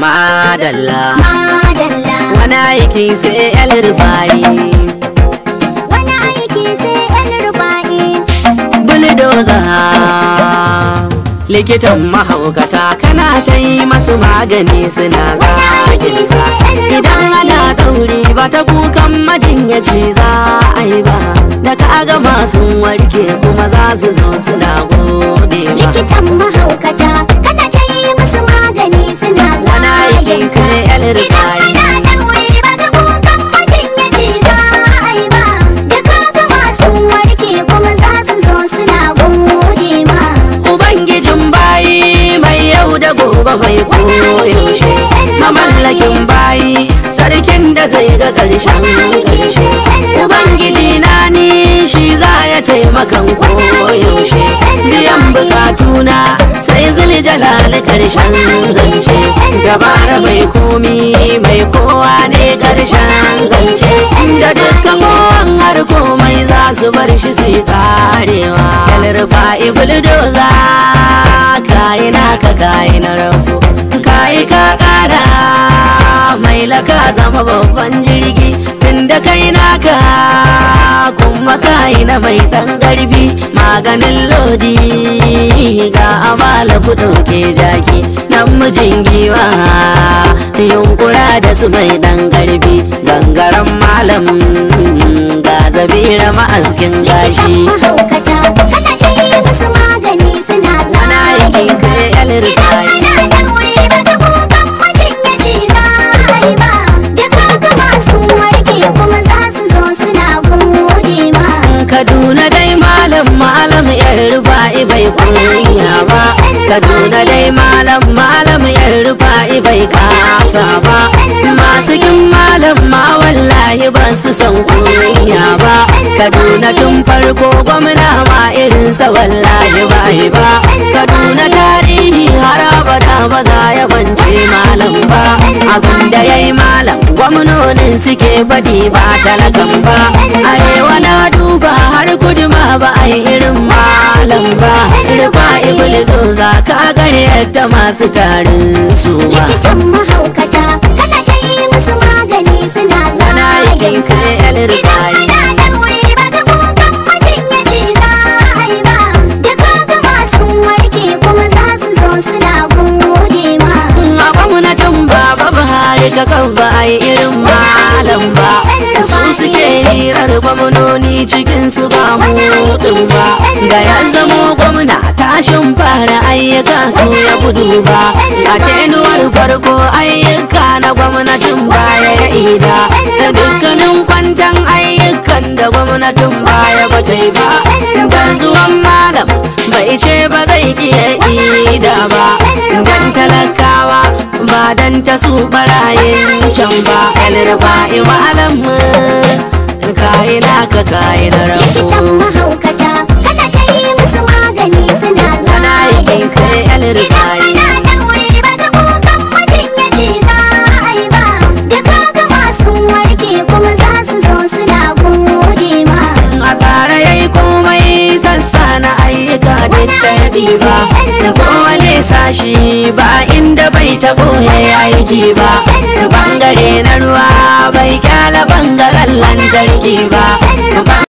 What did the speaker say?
Madalla Wani aiki sai yan rufa'i Wani aiki sai yan rufa'i Buldoza Likitan mahaukata kana ta yi masu magani suna za Idan ana ɗauri ba ta kukan majinyaci za a yi ba Da ka gama sun warke kuma za su zo suna gode ba wanda zai ga ƙarshen ƙarshe ubangiji na ni shi za ya taimakan koyaushe biyan bukatuna sai zili jalali ƙarshen zance dabara mai komi mai kowa ne ƙarshen zance da dukkan kowan har komai za su bar shi su yi karewa kalrufa ibuldoza na ka kayi na rabu kayi ka kara mai ka zama babban jirgi tun da kai naka kuma kai na mai dan garbi maganin lodi ga amala ku ɗauke jaki nan mijin giwa yunkura da su mai dan garbi gangaren malam ga zabira ma'askin gashi yan rufa'i bai kunya ba kaduna dai malam malam yan rufa'i bai kasa ba masu kin malam ma wallahi ba su san kunya ba kaduna tun farko gwamna ma sa wallahi bai ba kaduna tarihi har abada ba za ya kwance malam ba abin da ya malam gwamnonin suke badi ba talakan ba arewa na duba har kudu ma ba a yi malam ba rufa ibul doza ka gare yadda masu tarin su likitan mahaukata kana ta yi musu magani suna zagin ka idan ana da wuri ba ta kukan mutum ya ci za a yi ba masu warke kuma za su zo suna gode ma a gwamnatin baba buhari ka kan ba a yi irin malam ba su suke hirar gwamnoni cikin su ba mutum ba ga yanzu kashin fara ayyuka su ya gudu ba a tenuwar farko ayyuka na gwamnatin baya ya ida da dukkanin kwantan ayyukan da gwamnatin baya ba ta yi ba zuwan malam bai ce ba zai iya ida ba don talakawa ba don ta su barayen can ba el rafa'i malam ka ka'ina rabo sana na ayyuka duk da diba da kowane sashi ba inda bai taɓo ya aiki ba bangare na ruwa bai kyala bangaren lantarki ba